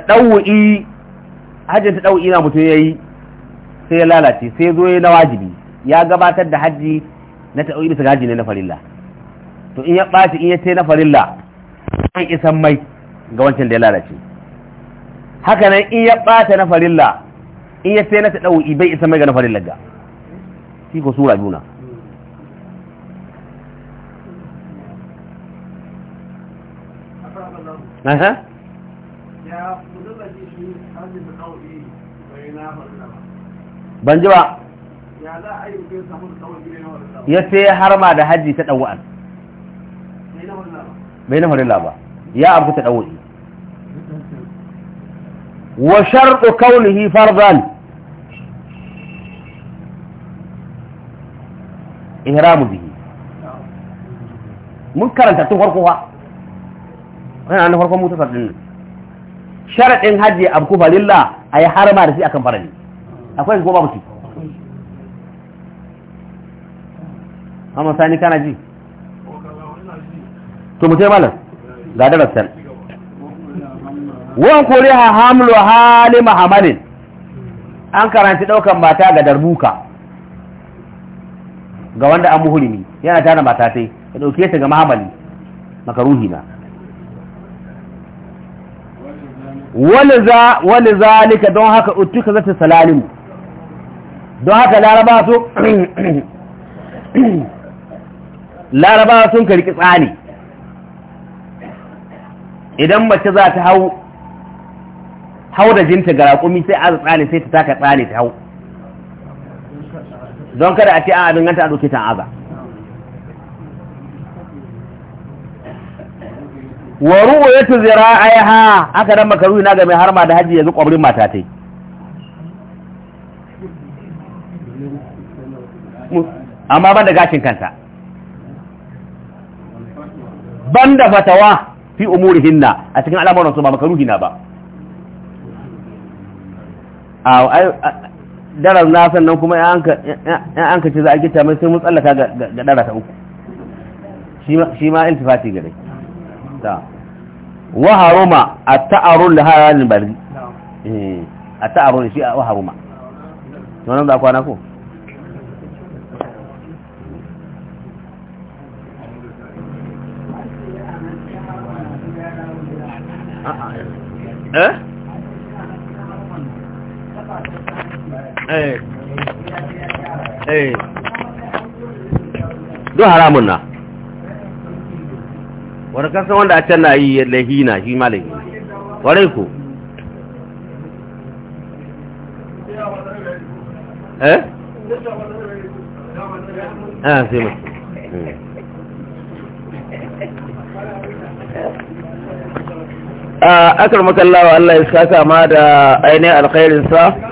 ɗau'i hajjin ɗau'i na mutum ya yi sai ya lalace sai ya zo ya na wajibi ya gabatar da hajji na ɗau'i bisa hajji ne na farilla to in ya ɓaci in ya ce na farilla an isan mai ga wancan da ya lalace haka nan in ya ɓata na farilla in ya ce na ɗau'i bai isan mai ga na farilla ga shi ko sura juna Uh-huh. ban ji ba ya ce ya harma da hajji ta ɗawa'an bai na farilla ba ya abu ta ɗawa'i wa sharɗu kaunihi farzan ihramu bihi mun karanta tun farko ba wani an farkon mutu sardin nan sharaɗin hajji a ku farilla a yi harama da shi akan farali akwai ko babu shi amma sani kana ji to mutai malam ga rasul wan ha hamlu hali mahamalin an karanci daukan mata ga darbuka ga wanda an muhulimi yana tana mata sai ya dauke ta ga mahamali makaruhi na wani zalika don haka utuka zata salalim don haka laraba su laraba sun karki tsani idan mace za ta hau hau da jinta ga raƙumi sai a tsani sai ta taka tsani ta hau don kada a ce a abin ganta a ɗauki ta aza wa ruwayatu zira'iha aka dan maka na ga mai harma da haji yanzu kwabrin mata tai amma ban da gashin kanta ban da fatawa fi umurihinna a cikin al'amuran su ba maka ruhina ba a darar na sannan kuma an ka ce za a gita mai sai mun tsallaka ga dara ta uku shi ma iltifati gare ta wa haruma at-ta'arul halalin bari a eh, ta'arun taarul shi a haruma wannan da kwana ko eh eh eh do haramun na wani kasan wanda a can na yi lahina shi ma lahina warai ko eh eh sai mutu hmm. a ah, akar makallawa Allah ya saka ma da ainihin alkhairinsa